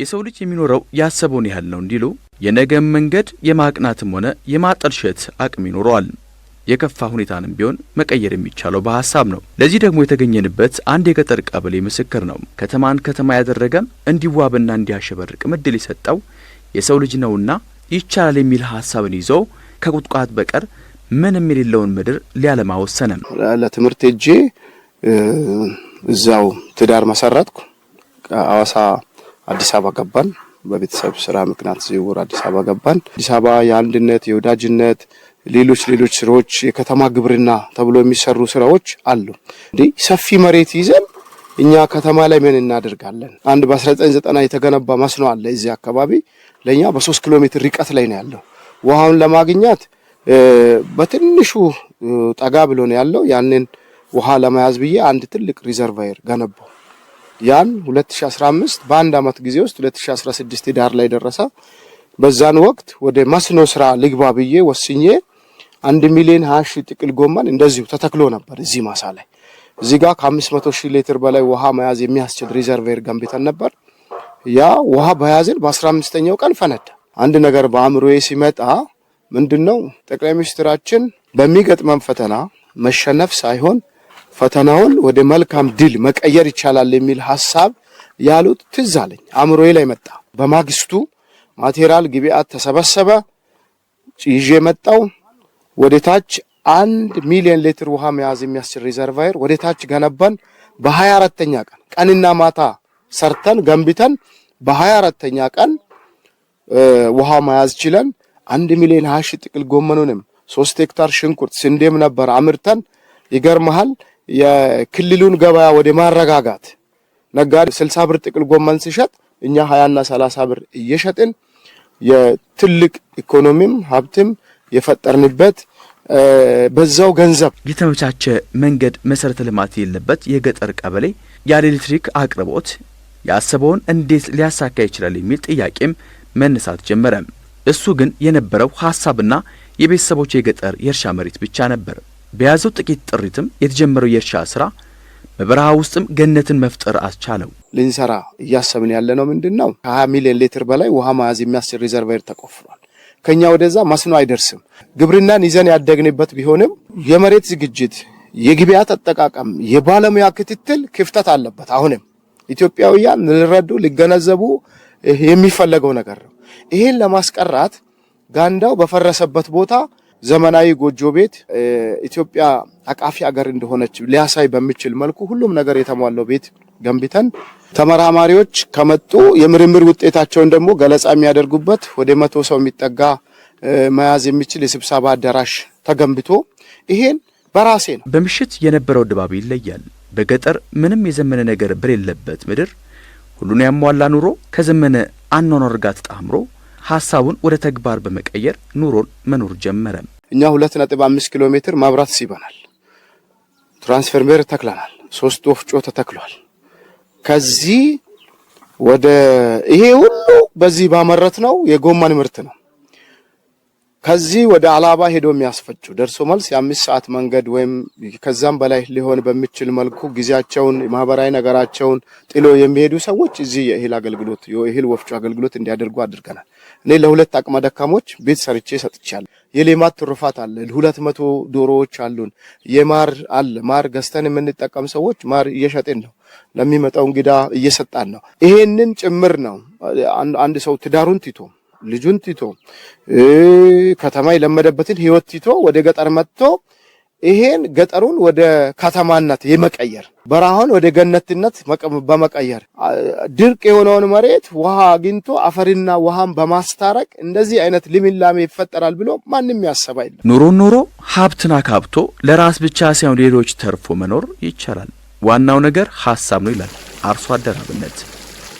የሰው ልጅ የሚኖረው ያሰበውን ያህል ነው እንዲሉ የነገም መንገድ የማቅናትም ሆነ የማጠልሸት አቅም ይኖረዋል። የከፋ ሁኔታንም ቢሆን መቀየር የሚቻለው በሀሳብ ነው። ለዚህ ደግሞ የተገኘንበት አንድ የገጠር ቀበሌ ምስክር ነው። ከተማን ከተማ ያደረገ እንዲዋብና እንዲያሸበርቅ ምድል የሰጠው የሰው ልጅ ነውና ይቻላል የሚል ሀሳብን ይዞ ከቁጥቋት በቀር ምንም የሌለውን ምድር ሊያለማ ወሰነ። ለትምህርት እጄ እዛው ትዳር መሰረትኩ አዋሳ አዲስ አበባ ገባን። በቤተሰብ ስራ ምክንያት ዝውውር አዲስ አበባ ገባን። አዲስ አበባ የአንድነት የወዳጅነት፣ ሌሎች ሌሎች ስራዎች የከተማ ግብርና ተብሎ የሚሰሩ ስራዎች አሉ። እንዲህ ሰፊ መሬት ይዘን እኛ ከተማ ላይ ምን እናደርጋለን? አንድ በ1990 የተገነባ መስኖ አለ እዚህ አካባቢ ለእኛ በሶስት ኪሎ ሜትር ርቀት ላይ ነው ያለው። ውሃውን ለማግኘት በትንሹ ጠጋ ብሎ ነው ያለው። ያንን ውሃ ለመያዝ ብዬ አንድ ትልቅ ሪዘርቫየር ገነባው። ያን 2015 በአንድ አመት ጊዜ ውስጥ 2016 ዳር ላይ ደረሰ። በዛን ወቅት ወደ መስኖ ስራ ልግባ ብዬ ወስኜ አንድ ሚሊዮን 20 ሺህ ጥቅል ጎመን እንደዚሁ ተተክሎ ነበር እዚህ ማሳ ላይ። እዚህ ጋር ከ500 ሺህ ሊትር በላይ ውሃ መያዝ የሚያስችል ሪዘርቬር ገንብተን ነበር። ያ ውሃ በያዝን በ15ኛው ቀን ፈነዳ። አንድ ነገር በአእምሮዬ ሲመጣ ምንድነው ጠቅላይ ሚኒስትራችን በሚገጥመን ፈተና መሸነፍ ሳይሆን ፈተናውን ወደ መልካም ድል መቀየር ይቻላል የሚል ሀሳብ ያሉት ትዝ አለኝ፣ አእምሮዬ ላይ መጣ። በማግስቱ ማቴሪያል ግብአት ተሰበሰበ። ይዤ መጣው ወደ ታች አንድ ሚሊዮን ሊትር ውሃ መያዝ የሚያስችል ሪዘርቫየር ወደ ታች ገነባን። በሀያ አራተኛ ቀን ቀንና ማታ ሰርተን ገንብተን በሀያ አራተኛ ቀን ውሃ መያዝ ችለን አንድ ሚሊዮን ሀያ ሺህ ጥቅል ጎመኑንም ሶስት ሄክታር ሽንኩርት ስንዴም ነበር አምርተን ይገርመሃል የክልሉን ገበያ ወደ ማረጋጋት ነጋዴ 60 ብር ጥቅል ጎመን ሲሸጥ እኛ 20 እና 30 ብር እየሸጥን የትልቅ ኢኮኖሚም ሀብትም የፈጠርንበት በዛው ገንዘብ የተመቻቸ መንገድ መሰረተ ልማት የለበት የገጠር ቀበሌ ያለ ኤሌክትሪክ አቅርቦት ያሰበውን እንዴት ሊያሳካ ይችላል የሚል ጥያቄም መነሳት ጀመረ። እሱ ግን የነበረው ሀሳብና የቤተሰቦች የገጠር የእርሻ መሬት ብቻ ነበር። በያዘው ጥቂት ጥሪትም የተጀመረው የእርሻ ስራ በበረሃ ውስጥም ገነትን መፍጠር አስቻለው። ልንሰራ እያሰብን ያለ ነው ምንድን ነው ከ20 ሚሊዮን ሊትር በላይ ውሃ መያዝ የሚያስችል ሪዘርቫየር ተቆፍሯል። ከኛ ወደዛ መስኖ አይደርስም። ግብርናን ይዘን ያደግንበት ቢሆንም የመሬት ዝግጅት፣ የግብዓት አጠቃቀም፣ የባለሙያ ክትትል ክፍተት አለበት። አሁንም ኢትዮጵያውያን ሊረዱ ሊገነዘቡ የሚፈለገው ነገር ነው። ይህን ለማስቀራት ጋንዳው በፈረሰበት ቦታ ዘመናዊ ጎጆ ቤት ኢትዮጵያ አቃፊ አገር እንደሆነች ሊያሳይ በሚችል መልኩ ሁሉም ነገር የተሟላው ቤት ገንብተን ተመራማሪዎች ከመጡ የምርምር ውጤታቸውን ደግሞ ገለጻ የሚያደርጉበት ወደ መቶ ሰው የሚጠጋ መያዝ የሚችል የስብሰባ አዳራሽ ተገንብቶ ይሄን በራሴ ነው። በምሽት የነበረው ድባብ ይለያል። በገጠር ምንም የዘመነ ነገር በሌለበት ምድር ሁሉን ያሟላ ኑሮ ከዘመነ አኗኗር ጋር ተጣምሮ ሀሳቡን ወደ ተግባር በመቀየር ኑሮን መኖር ጀመረ። እኛ ሁለት ነጥብ አምስት ኪሎ ሜትር ማብራት ሲበናል፣ ትራንስፈርሜር ተክለናል፣ ሶስት ወፍጮ ተተክሏል። ከዚህ ወደ ይሄ ሁሉ በዚህ ባመረት ነው የጎመን ምርት ነው። ከዚህ ወደ አላባ ሄዶ የሚያስፈጩ ደርሶ መልስ የአምስት ሰዓት መንገድ ወይም ከዛም በላይ ሊሆን በሚችል መልኩ ጊዜያቸውን ማህበራዊ ነገራቸውን ጥሎ የሚሄዱ ሰዎች እዚህ የእህል አገልግሎት የእህል ወፍጮ አገልግሎት እንዲያደርጉ አድርገናል። እኔ ለሁለት አቅመ ደካሞች ቤት ሰርቼ ሰጥቻለሁ። የሌማት ትሩፋት አለ። ሁለት መቶ ዶሮዎች አሉን። የማር አለ። ማር ገዝተን የምንጠቀም ሰዎች ማር እየሸጥን ነው፣ ለሚመጣው እንግዳ እየሰጣን ነው። ይሄንን ጭምር ነው አንድ ሰው ትዳሩን ትቶ ልጁን ትቶ ከተማ የለመደበትን ህይወት ትቶ ወደ ገጠር መጥቶ ይሄን ገጠሩን ወደ ከተማነት የመቀየር በረሃውን ወደ ገነትነት በመቀየር ድርቅ የሆነውን መሬት ውሃ አግኝቶ አፈርና ውሃን በማስታረቅ እንደዚህ አይነት ልምላሜ ይፈጠራል ብሎ ማንም ያሰብ አይደለም። ኑሮን ኑሮ ሀብትን አካብቶ ለራስ ብቻ ሳይሆን ሌሎች ተርፎ መኖር ይቻላል። ዋናው ነገር ሀሳብ ነው ይላል አርሶ አደር አብነት።